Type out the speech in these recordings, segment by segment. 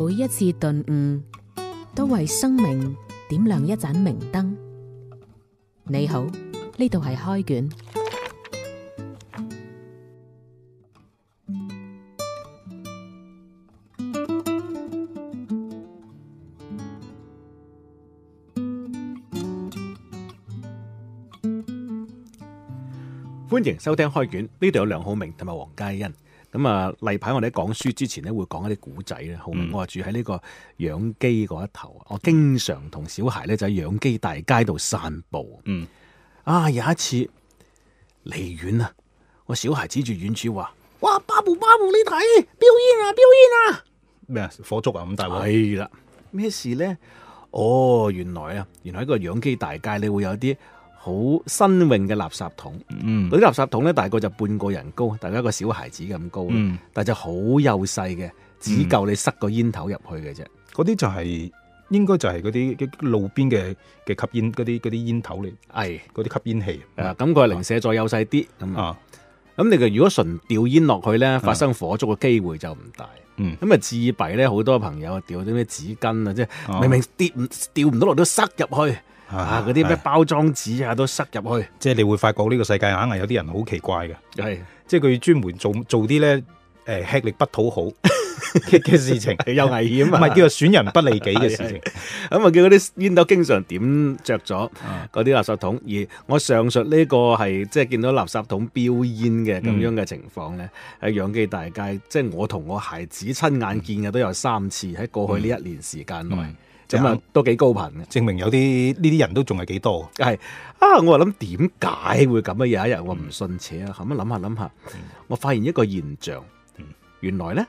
每一次頓悟，都為生命點亮一盞明燈。你好，呢度係開卷。歡迎收聽開卷，呢度有梁浩明同埋黃嘉欣。.咁啊！例牌我哋喺講書之前咧，會講一啲古仔咧。好，我話住喺呢個養基嗰一頭、嗯，我經常同小孩咧就喺養雞大街度散步。嗯，啊，有一次離遠啊，我小孩指住遠處話，哇！巴布巴布，你睇飆煙啊！飆煙啊！咩啊？火燭啊！咁大係啦？咩事咧？哦，原來啊，原來喺個養雞大街你會有啲。好新穎嘅垃圾桶，嗰、嗯、啲垃圾桶呢，大概就半個人高，大概一個小孩子咁高，嗯、但係就好幼細嘅，只夠你塞個煙頭入去嘅啫。嗰啲就係、是、應該就係嗰啲路邊嘅嘅吸煙嗰啲啲煙頭嚟，係嗰啲吸煙器。咁佢零舍再幼細啲，咁咁你如果純掉煙落去呢，發生火燭嘅機會就唔大。咁、嗯、啊、嗯、自閉呢，好多朋友掉啲咩紙巾、嗯、明明啊，即明明跌唔掉唔到落都塞入去。啊！嗰啲咩包裝紙啊都塞入去，即係你會發覺呢個世界硬係有啲人好奇怪嘅，係即係佢要專門做做啲咧誒吃力不討好嘅事情， 又危險、啊，唔係叫做損人不利己嘅事情，咁啊叫嗰啲煙斗經常點着咗嗰啲垃圾桶。而、 嗯嗯、我上述呢個係即係見到垃圾桶飆煙嘅咁樣嘅情況咧，喺、嗯、洋基大街，即、就、係、是、我同我孩子親眼見嘅都有三次喺過去呢一年時間內。嗯嗯咁啊，都幾高頻嘅，證明有啲呢啲人都仲係幾多。係啊，我話諗點解會咁嘅嘢？有一日我唔信邪啊，後屘諗下諗下，我發現一個現象。原來咧，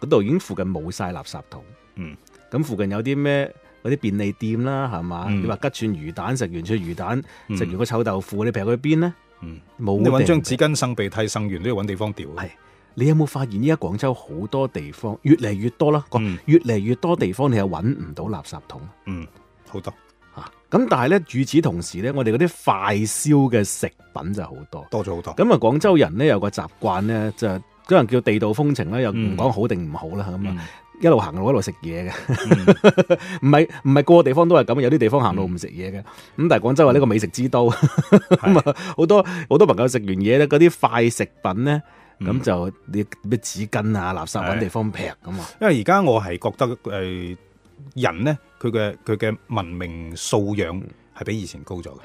嗰度已經附近冇晒垃圾桶。嗯。咁附近有啲咩嗰啲便利店啦，係嘛、嗯？你話吉串魚蛋，食完脆魚蛋，食、嗯、完個臭豆腐，你撇去邊呢？冇、嗯。你揾張紙巾擤鼻涕，擤完都要揾地方掉、啊。你有冇發現依家廣州好多地方越嚟越多啦，嗯，越嚟越多地方你係搵唔到垃圾桶。嗯，好多吓。咁，啊，但係咧，與此同時咧，我哋嗰啲快消嘅食品就好多，多咗好多。咁啊，廣州人咧有個習慣咧，就嗰、是、樣叫地道風情咧，嗯，又唔講好定唔好啦。咁，嗯，啊，一路行路一路食嘢嘅，唔係唔係個個地方都係咁，有啲地方行路唔食嘢嘅。咁，嗯，但係廣州係呢個美食之都，咁啊好多好多朋友食完嘢咧，嗰啲快食品咧。咁就啲咩紙巾啊、垃圾揾地方劈咁啊！因為而家我係覺得誒人咧，佢嘅佢嘅文明素養係比以前高咗嘅。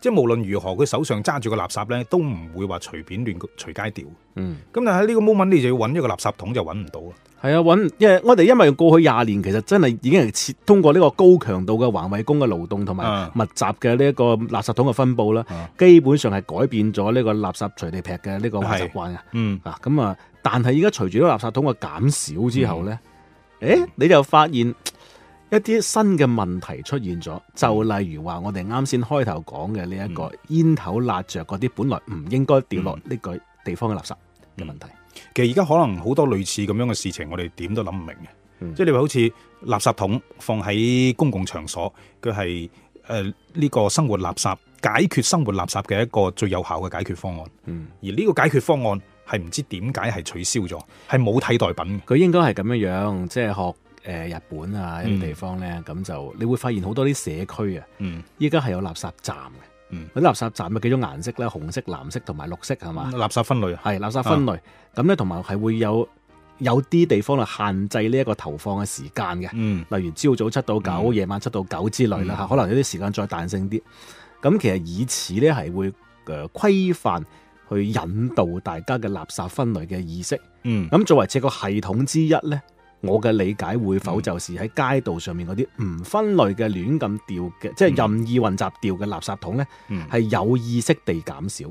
即係無論如何，佢手上揸住個垃圾咧，都唔會話隨便亂隨街掉。嗯。咁但係呢個 moment，你就要揾一個垃圾桶就揾唔到咯。係啊，揾，因為我哋因為過去廿年其實真係已經係通過呢個高強度嘅環衛工嘅勞動同埋密集嘅呢一個垃圾桶嘅分布啦、嗯，基本上係改變咗呢個垃圾隨地劈嘅呢個習慣啊。嗯。嗱，咁啊，但係而家隨住呢啲垃圾桶嘅減少之後咧，誒、嗯，你就發現。一啲新嘅問題出現咗，就例如話，我哋啱先開頭講嘅呢一個煙頭攔着嗰啲本來唔應該掉落呢個地方嘅垃圾嘅問題。嗯、其實而家可能好多類似咁樣嘅事情，我哋點都諗唔明嘅。即係你話好似垃圾桶放喺公共場所，佢係誒呢個生活垃圾，解決生活垃圾嘅一個最有效嘅解決方案。嗯，而呢個解決方案係唔知點解係取消咗，係冇替代品。佢應該係咁樣樣，即係學。誒，日本啊，一啲地方咧，咁就你會發現好多啲社區啊，依家係有垃圾站嘅，啲、嗯、垃圾站咪幾種顏色咧，紅色、藍色同埋綠色係嘛，垃圾分類係垃圾分類，咁咧同埋係會有有啲地方係，限制呢一個投放嘅時間嘅、嗯，例如朝早七到九、夜、嗯、晚七到九之類啦吓、嗯，可能有啲時間再彈性啲。咁、嗯、其實以此咧係會誒規範去引導大家嘅垃圾分類嘅意識，嗯，咁作為整個系統之一咧。我嘅理解會否就是喺街道上面嗰啲唔分類嘅亂咁掉嘅，即係任意混雜掉嘅垃圾桶咧，係、嗯、有意識地減少。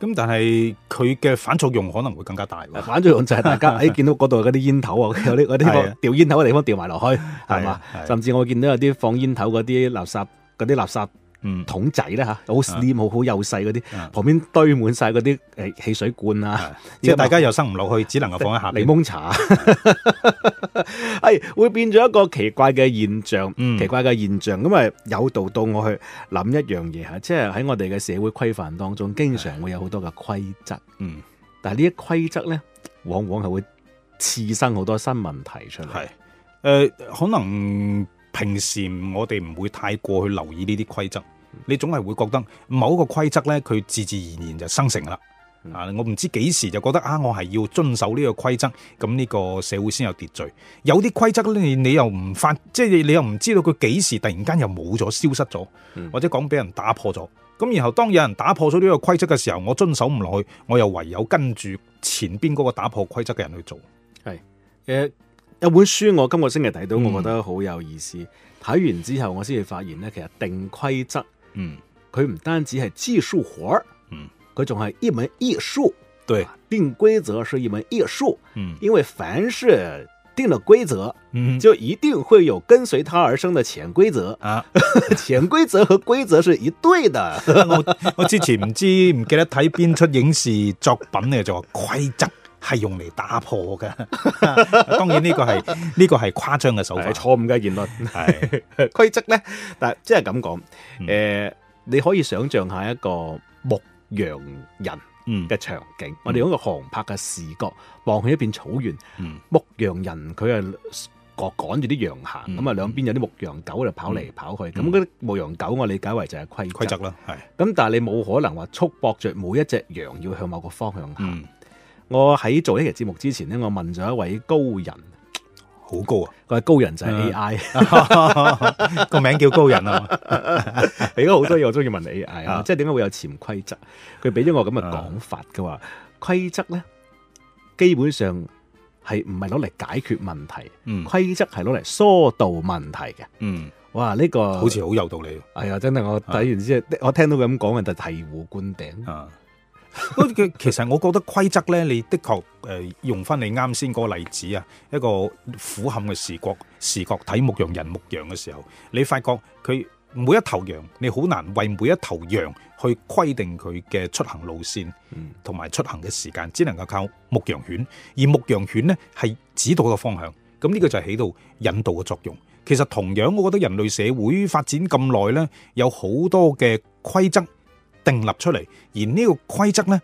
咁、嗯、但係佢嘅反作用可能會更加大。反作用就係大家喺、 哎、見到嗰度嗰啲煙頭啊，嗰啲啲個掉煙頭嘅地方掉埋落去，係 嘛？甚至我見到有啲放煙頭嗰啲垃圾嗰啲垃圾。嗰啲垃圾嗯、桶仔咧嚇，好 slim 好幼細嗰啲，旁邊堆滿晒嗰啲誒汽水罐啊、嗯，即係大家又生唔落去，只能夠放喺下邊。檸檬茶，係、嗯、 會變咗一個奇怪嘅現象，嗯、奇怪嘅現象咁啊，有道到我去諗一樣嘢吓，即係喺我哋嘅社會規範當中，經常會有好多嘅規則，但係呢啲規則咧，往往係會滋生好多新問題出嚟。係誒、呃，可能平時我哋唔會太過去留意呢啲規則。你總係會覺得某一個規則咧，佢自自然然就生成啦，嗯。啊,我唔知幾時就覺得啊，我係要遵守呢個規則，咁呢個社會先有秩序。有啲規則咧，你又唔發，即係，你，你又唔知道佢幾時突然間又冇咗、消失咗，嗯，或者講俾人打破咗。咁然後當有人打破咗呢個規則嘅時候，我遵守唔落去，我又唯有跟住前邊嗰個打破規則嘅人去做。係，誒、呃，有本書我今個星期睇到，我覺得好有意思。睇、嗯、完之後，我先至發現咧，其實定規則。嗯，佢唔單止係技術活，嗯，佢仲係一門藝術。對，定規則是一門藝術。嗯，因為凡是定了規則，嗯，就一定會有跟隨它而生的潛規則啊。潛 規則和規則是一對的。 我，我之前唔知唔記得睇邊出影視作品咧，就話規則。係用嚟打破噶， 當然呢個係呢個係誇張嘅手法，錯誤嘅言論係 規則咧。但係即係咁講，誒、嗯呃、你可以想象下一個牧羊人嘅場景。嗯、我哋用一個航拍嘅視角，望去一片草原，嗯、牧羊人佢係趕住啲羊行，咁、嗯、啊兩邊有啲牧羊狗就跑嚟跑去。咁嗰啲牧羊狗我理解為就係規規則啦。係咁，但係你冇可能話束縛着每一隻羊要向某個方向行。嗯。我喺做呢期節目之前咧，我問咗一位高人，好高啊！個高人就係 A I，個名叫高人啊。俾咗好多嘢，我中意問你 A I 啊，即係點解會有潛規則？佢俾咗我咁嘅講法，佢話規則咧，基本上係唔係攞嚟解決問題，嗯，規則係攞嚟疏導問題嘅，嗯，哇呢、這個好似好有道理，係、哎、啊，真係我睇完之後，啊、我聽到佢咁講嘅，就醍醐灌頂嗰其其實我覺得規則呢，你的確誒用翻，你啱先嗰個例子啊，一個俯瞰嘅視覺，視覺睇牧羊人牧羊嘅時候，你發覺佢每一頭羊，你好難為每一頭羊去規定佢嘅出行路線，嗯，同埋出行嘅時間，只能夠靠牧羊犬，而牧羊犬呢係指導個方向，咁呢個就係起到引導嘅作用。其實同樣，我覺得人類社會發展咁耐呢，有好多嘅規則。定立出嚟，而呢個規則呢，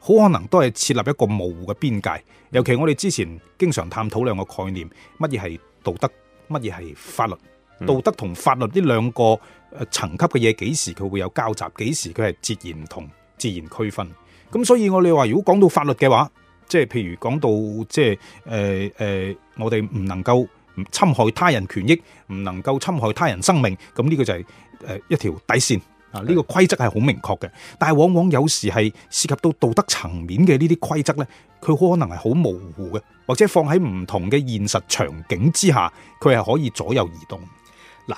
好可能都係設立一個模糊嘅邊界。尤其我哋之前經常探討兩個概念，乜嘢係道德，乜嘢係法律？嗯、道德同法律呢兩個層級嘅嘢，幾時佢會有交集？幾時佢係截然同、自然區分？咁所以我哋話，如果講到法律嘅話，即係譬如講到即係誒誒，我哋唔能夠侵害他人權益，唔能夠侵害他人生命，咁呢個就係誒一條底線。啊！呢個規則係好明確嘅，但係往往有時係涉及到道德層面嘅呢啲規則呢，佢好可能係好模糊嘅，或者放喺唔同嘅現實場景之下，佢係可以左右移動。嗱，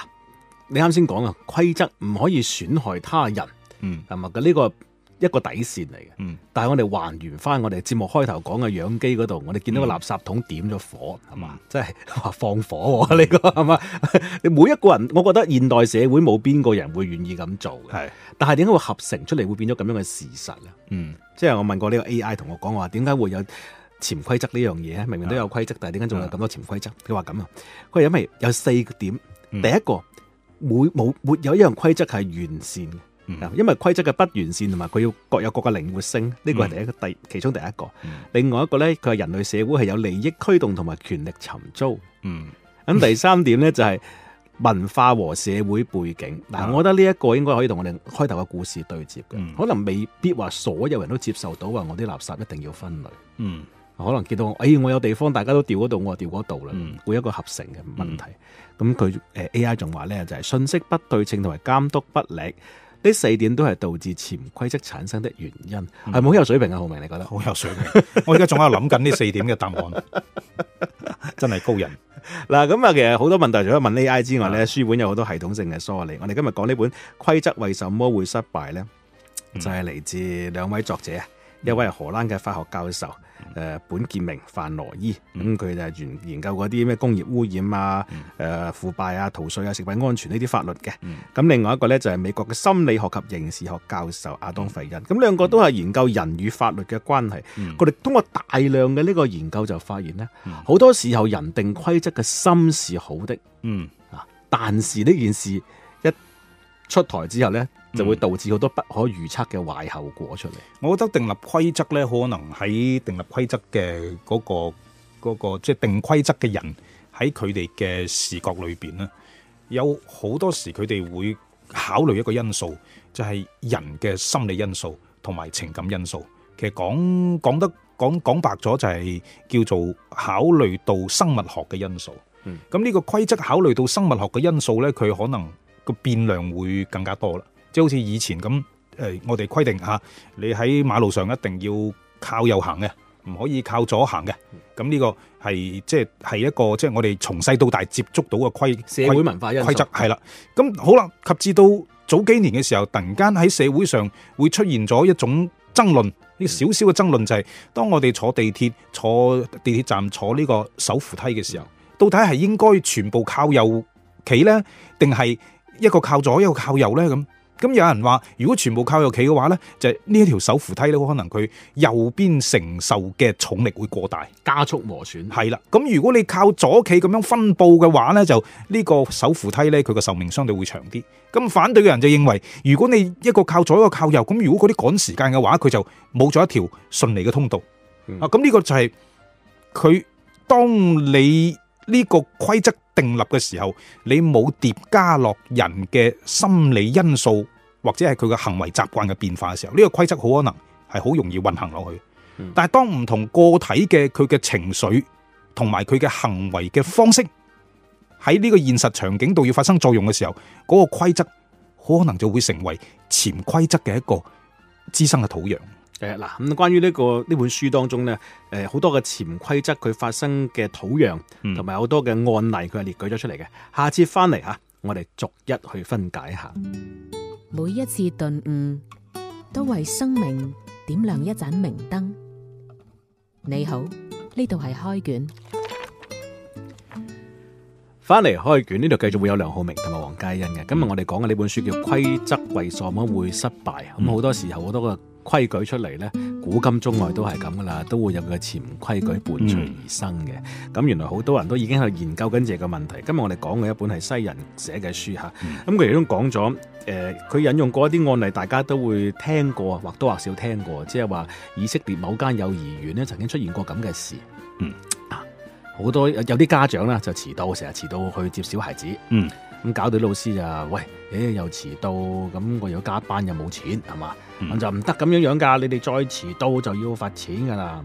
你啱先講啊，規則唔可以損害他人。嗯，係嘛呢個。一個底線嚟嘅、嗯，但係我哋還原翻我哋節目開頭講嘅養雞嗰度，我哋見到個垃圾桶點咗火，係、嗯、嘛，即係話放火、哦嗯、你講係嘛？ 你每一個人，我覺得現代社會冇邊個人會願意咁做嘅，係。但係點解會合成出嚟會變咗咁樣嘅事實咧？嗯，即係我問過呢個 AI，同我講話，點解會有潛規則這事呢樣嘢？明明都有規則，嗯、但係點解仲有咁多潛規則？佢話咁啊，佢因為有四個點，第一個、嗯、每冇沒有一樣規則係完善嗯、因為規則嘅不完善同埋佢要各有各嘅靈活性，呢個係第一個第、嗯、其中第一個、嗯。另外一個呢，佢係人類社會係有利益驅動同埋權力尋租。嗯，咁第三點呢， 就係文化和社會背景嗱、啊。我覺得呢一個應該可以同我哋開頭嘅故事對接的、嗯。可能未必話所有人都接受到話我啲垃圾一定要分類。嗯，可能見到我、哎、我有地方大家都掉嗰度，我就掉嗰度啦。會有、嗯、一個合成嘅問題。咁佢 AI 仲話呢，就係、是、信息不對稱同埋監督不力。呢四點都係導致潛規則產生的原因，係咪、嗯、好有水平啊！浩明，你覺得好有水平？ 我而家仲喺度諗緊呢四點嘅答案， 真係高人嗱。咁啊，其實好多問題除咗問 AI 之外呢書本有好多系統性嘅梳理。我哋今日講呢本《規則為什麼會失敗》呢，嗯、就係、是、嚟自兩位作者，一位係荷蘭嘅法學教授。誒、呃，本傑明范羅伊，咁佢就研研究嗰啲咩工業污染啊、誒、嗯呃、腐敗啊、逃稅啊、食品安全呢啲法律嘅。咁、嗯、另外一個呢，就係、是、美國嘅心理學及刑事學教授阿當費恩，咁兩個都係研究人與法律嘅關係。佢、嗯、哋通過大量嘅呢個研究就發現呢，好、嗯、多時候人定規則嘅心是好的，嗯啊，但是呢件事。出台之後呢，就會導致好多不可預測嘅壞後果出嚟、嗯。我覺得訂立規則呢，可能喺訂立規則嘅嗰個即係、嗰個即係、定規則嘅人喺佢哋嘅視覺裏邊呢，有好多時佢哋會考慮一個因素，就係、是、人嘅心理因素同埋情感因素。其實講講得講講白咗就係叫做考慮到生物學嘅因素。嗯，咁呢個規則考慮到生物學嘅因素呢，佢可能，個變量會更加多啦，即係好似以前咁誒、呃。我哋規定嚇，你喺馬路上一定要靠右行嘅，唔可以靠左行嘅。咁呢個係即係係一個即係、就是、我哋從細到大接觸到嘅規社會文化規則係啦。咁好啦，及至到早幾年嘅時候，突然間喺社會上會出現咗一種爭論，呢少少嘅爭論就係、是、當我哋坐地鐵、坐地鐵站、坐呢個手扶梯嘅時候，到底係應該全部靠右企呢？定係？一個靠左，一個靠右呢。咁咁有人話，如果全部靠右企嘅話呢，就呢一條手扶梯呢，可能佢右邊承受嘅重力會過大，加速磨損。係啦，咁如果你靠左企咁樣分布嘅話呢，就呢個手扶梯呢，佢個壽命相對會長啲。咁反對嘅人就認為，如果你一個靠左，一個靠右，咁如果嗰啲趕時間嘅話，佢就冇咗一條順利嘅通道。啊、嗯，咁呢個就係佢當你。呢、個規則定立嘅時候，你冇疊加落人嘅心理因素，或者係佢嘅行為習慣嘅變化嘅時候，呢、個規則好可能係好容易運行落去。但係當唔同個體嘅佢嘅情緒同埋佢嘅行為嘅方式喺呢個現實場景度要發生作用嘅時候，嗰、個規則可能就會成為潛規則嘅一個滋生嘅土壤。誒，嗱，咁關於呢、這個呢本書當中咧，誒，好多嘅潛規則，佢發生嘅土壤，同埋好多嘅案例，佢係列舉咗出嚟嘅。下次翻嚟吓，我哋逐一去分解下。每一次頓悟，都為生命點亮一盞明燈。你好，呢度係開卷。翻嚟開卷，呢度繼續會有梁浩明同埋黃嘉欣嘅。今日我哋講嘅呢本書叫《規則為什麼會失敗》，咁、嗯、好多時候好多個。規矩出嚟呢，古今中外都係咁噶啦，都會有佢嘅潛規矩伴隨而生嘅。咁、嗯、原來好多人都已經去研究緊呢個問題。今日我哋講嘅一本係西人寫嘅書吓，咁佢亦都講咗，誒，佢、呃、引用過一啲案例，大家都會聽過，或多或少聽過，即係話以色列某間幼兒園呢曾經出現過咁嘅事。嗯，啊，好多有啲家長呢，就遲到，成日遲到去接小孩子。嗯。咁搞到老師就，喂，誒又遲到，咁我又加班又冇錢，係嘛，咁、嗯、就唔得咁樣樣噶，你哋再遲到就要罰錢噶啦，啊，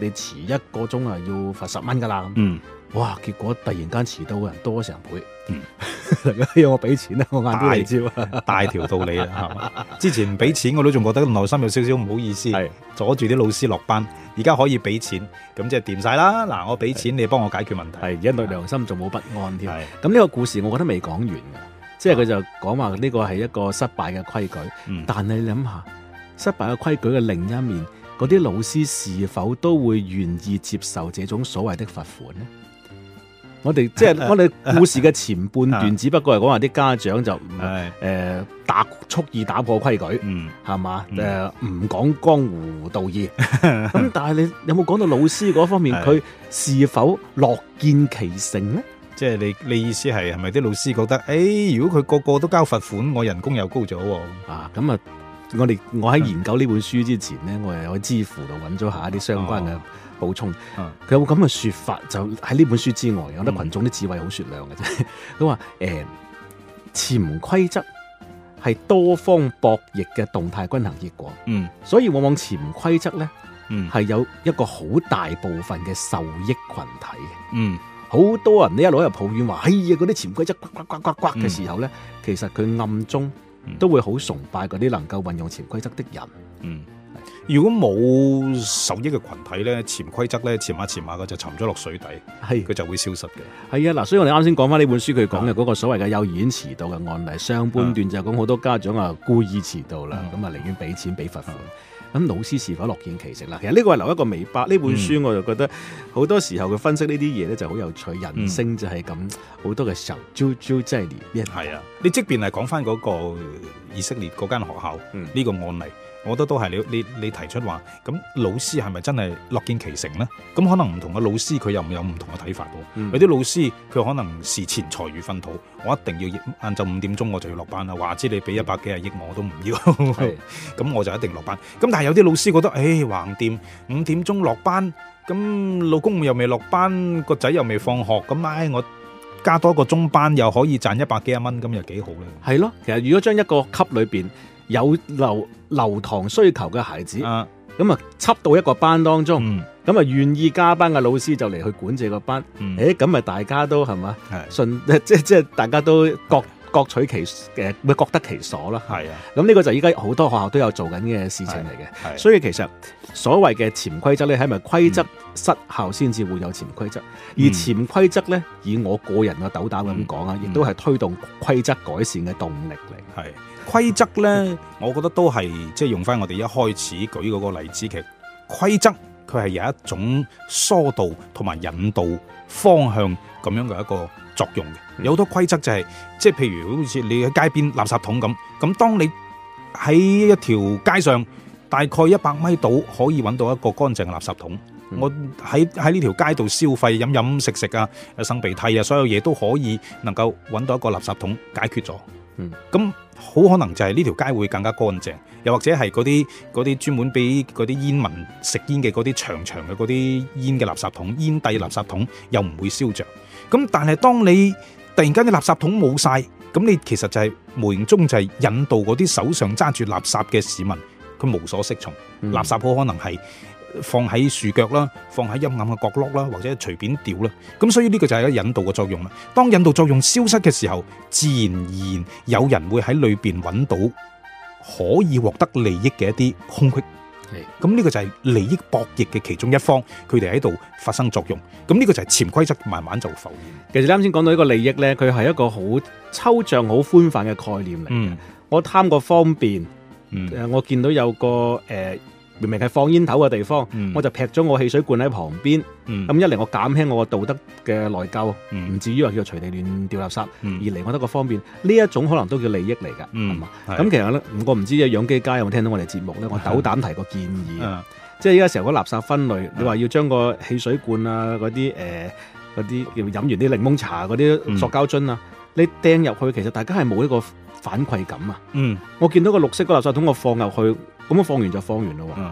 你遲一個鐘啊要罰十蚊噶啦，哇，結果突然間遲到嘅人多成倍。嗯， 要我俾錢啦，我眼都嚟招啦，大條道理啦， 係嘛？之前唔俾錢，我都仲覺得內心有少少唔好意思，係阻住啲老師落班。而家可以俾錢，咁即係掂晒啦。嗱，我俾錢，你幫我解決問題，而家對良心仲冇不安添。咁呢個故事我覺得未講完嘅，即係佢就講話呢個係一個失敗嘅規矩。是但係你諗下，失敗嘅規矩嘅另一面，嗰啲老師是否都會願意接受這種所謂的罰款呢？ 我哋即係我哋故事嘅前半段， 只不過係講話啲家長就誒打，呃、蓄意打破規矩，嗯，係嘛，誒唔講江湖道義。咁 但係你有冇講到老師嗰方面，佢是，是否樂見其成呢？即係你你意思係係咪啲老師覺得誒，哎，如果佢個個都交罰款，我人工又高咗啊？咁啊，我哋我喺研究呢本書之前呢， 我喺知乎度揾咗下一啲相關嘅，哦。補充，佢有咁嘅說法，就喺呢本書之外，有、嗯、得群眾啲智慧好雪亮嘅啫。佢話誒，潛規則係多方博弈嘅動態均衡結果，嗯，所以往往潛規則咧，嗯，係有一個好大部分嘅受益群體，嗯，好多人呢，一攞入抱怨話，哎呀，嗰啲潛規則，呱呱呱刮刮嘅時候咧、嗯，其實佢暗中都會好崇拜嗰啲能夠運用潛規則的人，嗯。如果冇受益嘅群體咧，潛規則咧，潛下潛下個就沉咗落水底，係佢就會消失嘅。係啊，嗱，所以我哋啱先講翻呢本書佢講嘅嗰個所謂嘅幼兒園遲到嘅案例，上半段就講好多家長啊故意遲到啦，咁啊寧願俾錢俾罰款。咁老師是否樂見其成啦？其實呢個係留一個尾巴。呢本書我就覺得好多時候佢分析呢啲嘢咧就好有趣，是人性就係咁，好多嘅時候，JoJo 真係點係啊？你即便係講翻嗰個以色列嗰間學校呢個案例。我覺得都係你你你提出，話咁老師係咪真係樂見其成呢？咁可能唔同嘅老師佢又唔有唔同嘅睇法喎、嗯。有啲老師佢可能視錢財如糞土，我一定要晏晝五點鐘我就要落班啦。話知你俾一百幾廿億我都唔要，咁 我就一定落班。咁但係有啲老師覺得，誒、哎、橫掂五點鐘落班，咁老公又未落班，個仔又未放學，咁唉、哎、我加多一個中班又可以賺一百幾廿蚊，咁又幾好咧。係咯，其實如果將一個級裏邊。有留留堂需求嘅孩子，咁啊插到一個班當中，咁啊願意加班嘅老師就嚟去管住個班，誒咁咪大家都係嘛，順即即係大家都各。Okay. 各取其誒，咪各得其所咯。係啊，咁呢個就係依家好多學校都有做緊嘅事情嚟嘅。係、啊啊，所以其實所謂嘅潛規則咧，係咪規則失效先至會有潛規則？而潛規則咧，以我個人嘅斗膽咁講啊，亦都係推動規則改善嘅動力嚟。係規則咧，我覺得都係即係用翻我哋一開始舉嗰個例子，其實規則。就是佢係有一種疏導同埋引導方向咁樣嘅一個作用嘅，有好多規則就係，即係譬如好似你喺街邊垃圾桶咁，咁當你喺一條街上大概一百米度可以揾到一個乾淨嘅垃圾桶，嗯，我喺喺呢條街度消費飲飲食食啊、生鼻涕啊，所有嘢都可以能夠揾到一個垃圾桶解決咗，嗯，咁好可能就係呢條街會更加乾淨。又或者係嗰啲嗰啲專門俾嗰啲煙民食煙嘅嗰啲長長嘅嗰啲煙嘅垃圾桶，煙蒂垃圾桶又不，又唔會燒着。咁但係當你突然間啲垃圾桶冇晒，咁你其實就係、是、無形中就係引導嗰啲手上揸住垃圾嘅市民，佢無所適從、嗯，垃圾好可能係放喺樹腳啦，放喺陰暗嘅角落啦，或者隨便掉啦。咁所以呢個就係一引導嘅作用啦。當引導作用消失嘅時候，自然而然有人會喺裏邊揾到可以獲得利益嘅一啲空隙，咁呢個就係利益博弈嘅其中一方，佢哋喺度發生作用，咁呢個就係潛規則慢慢就浮現。其實啱先講到呢個利益咧，佢係一個好抽象、好寬泛嘅概念嚟嘅。嗯、我貪個方便，誒、嗯呃，我見到有個誒。呃明明係放煙頭嘅地方、嗯，我就劈咗我汽水罐喺旁邊。咁、嗯、一嚟我減輕我嘅道德嘅內疚，唔、嗯、至於話叫做隨地亂掉垃圾；二、嗯、嚟我覺得個方便，呢一種可能都叫利益嚟噶，係、嗯、嘛？咁、嗯、其實咧，我唔知阿養基嘉有冇聽到我哋節目咧，我斗膽提個建議，啊、即係依家時候嗰垃圾分類，啊、你話要將個汽水罐啊，嗰啲誒，嗰啲要飲完啲檸檬茶嗰啲塑膠樽啊，嗯、你掟入去，其實大家係冇一個反饋感啊、嗯。我見到個綠色個垃圾桶，我放入去。咁放完就放完咯，嗯，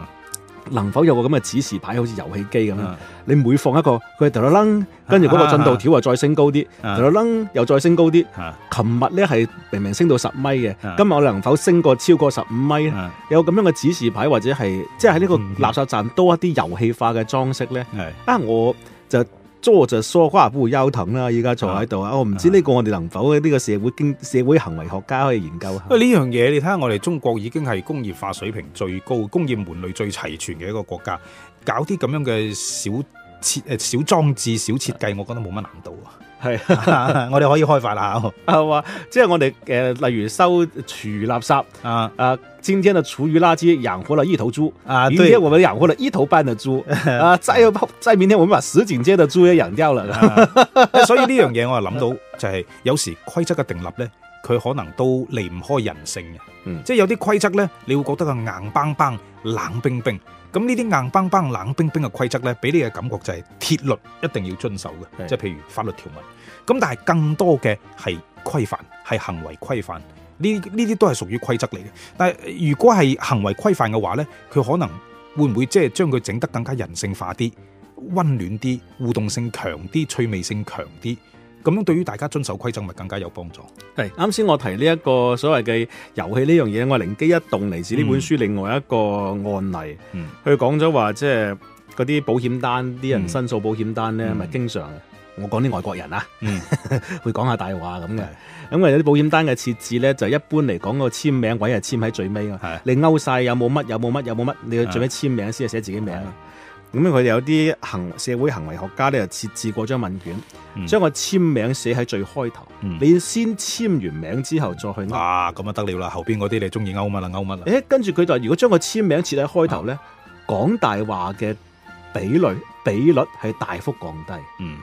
能否有個咁嘅指示牌，好似遊戲機咁咧，嗯？你每放一個，佢就啦楞，跟住嗰個進度條又再升高啲，啦、啊、楞、啊啊、又再升高啲。琴、啊、日咧係明明升到十米嘅、啊，今日我能否升過超過十五米、啊、有咁樣嘅指示牌或者係，即係喺呢個垃圾站多一啲遊戲化嘅裝飾咧？啊、嗯，嗯、我就。捉就疏，夸不會腰疼啦！而家坐喺度啊，我唔知呢個我哋能否呢、嗯這個社會經社會行為學家可以研究啊？喂，呢樣嘢你睇下，看我哋中國已經係工業化水平最高、工業門類最齊全嘅一個國家，搞啲咁樣嘅小設誒小裝置、小設計，我覺得冇乜難度啊。係、 啊，我哋可以開發下，即 係、啊就是、我哋誒、呃，例如收廚垃圾，啊啊，今天嘅廚餘垃圾養活了一頭豬，啊，明天我們養活了一頭半嘅豬， 啊，再再明天我們把十斤斤嘅豬也養掉了，啊啊、 所以呢樣嘢我諗到就係有時規則嘅定立咧。佢可能都離唔開人性嘅、嗯，即係有啲規則呢，你會覺得佢硬邦邦、冷冰冰。咁呢啲硬邦邦、冷冰冰嘅規則呢，俾你嘅感覺就係鐵律一定要遵守嘅、嗯，即係譬如法律條文。咁但係更多嘅係規範，係行為規範。呢呢啲都係屬於規則嚟嘅。但係如果係行為規範嘅話呢，佢可能會唔會即係將佢整得更加人性化啲、溫暖啲、互動性強啲、趣味性強啲？咁樣對於大家遵守規則咪更加有幫助。係啱先我提呢一個所謂嘅遊戲呢樣嘢，我靈機一動，嚟自呢本書另外一個案例，佢講咗話即係嗰啲保險單，啲人申訴保險單咧，咪、嗯、經常我講啲外國人啊，嗯、 會講下大話咁嘅。咁啊有啲保險單嘅設置咧，就一般嚟講、個簽名位係簽喺最尾啊。你勾晒有冇乜有冇乜有冇乜，你要最尾簽名先係寫自己名。咁佢哋有啲行社會行為學家咧，就設置過張問卷，將、嗯、個簽名寫喺最開頭、嗯。你要先簽完名之後再去勾啊，咁啊得了啦，後邊嗰啲你鍾意勾乜啦，勾乜啦？誒、欸，跟住佢就如果將個簽名設喺開頭咧，講大話嘅比率，比率係大幅降低。嗯，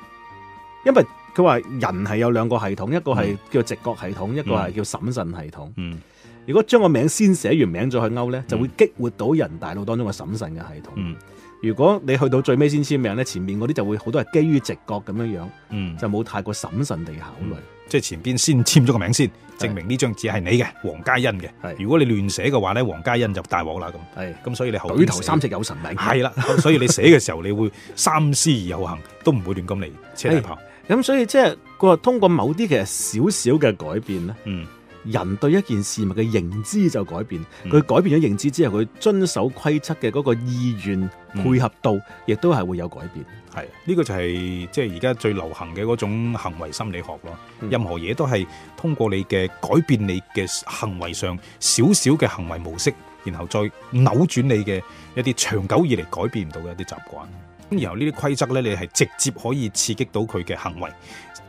因為佢話人係有兩個系統，嗯、一個係叫直覺系統，嗯、一個係叫審慎系統。嗯，如果將個名先寫完名再去勾咧、嗯，就會激活到人大腦當中嘅審慎嘅系統。嗯。如果你去到最尾先簽名咧，前面嗰啲就會好多係基於直覺咁樣樣，嗯、就冇太過審慎地考慮。嗯、即係前邊先簽咗個名先，證明呢張紙係你嘅黃嘉欣嘅。如果你亂寫嘅話咧，黃嘉欣就大鑊啦咁。係咁，所以你舉頭三隻有神明係啦，所以你寫嘅時候 你會三思而後行，都唔會亂咁嚟扯你炮。咁所以即係佢話通過某啲其實少少嘅改變咧。嗯。人對一件事物嘅認知就改變，佢改變咗認知之後，佢遵守規則嘅嗰個意願配合度，亦都係會有改變。係，呢個就係即係而家最流行嘅嗰種行為心理學咯。任何嘢都係通過你嘅改變，你嘅行為上少少嘅行為模式，然後再扭轉你嘅一啲長久以嚟改變唔到嘅一啲習慣。咁然後呢啲規則呢，你係直接可以刺激到佢嘅行為。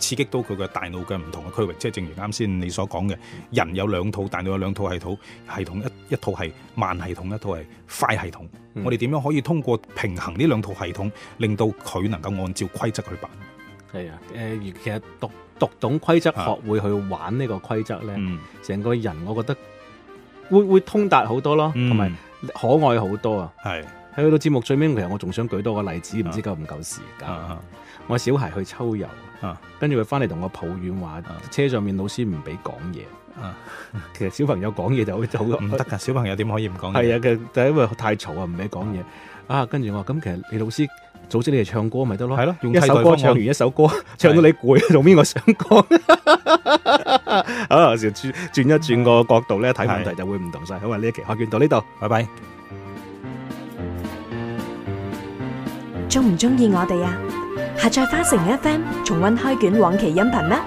刺激到佢嘅大腦嘅唔同嘅區域，即係正如啱先你所講嘅，人有兩套大腦，有兩套系統，系統一一套係慢系統，一套係快系統。嗯、我哋點樣可以通過平衡呢兩套系統，令到佢能夠按照規則去辦。係啊，誒、呃，而其實讀讀懂規則，學會去玩個呢個規則咧，成、啊嗯、個人我覺得會會、會通達好多咯，同、嗯、埋可愛好多啊。係。去到節目最尾，其實我仲想舉多個例子，唔知夠唔夠時間、啊啊啊。我小孩去秋遊，啊、跟住佢翻嚟同我抱怨話，車上面老師唔俾講嘢。其實小朋友講嘢就好，唔得噶。小朋友點可以唔講嘢？係啊，佢第一因為太嘈啊，唔俾講嘢啊。跟住我咁，其實你老師組織你哋唱歌咪得咯？係咯，用一首歌唱完一首歌，唱到你攰，同邊個想講啊！ 轉轉一轉個角度咧，睇問題就會唔同晒。好啊，呢一期開卷到呢度，拜拜。鍾唔鍾意我哋啊？下載花城 FM 重溫開卷往期音頻啦！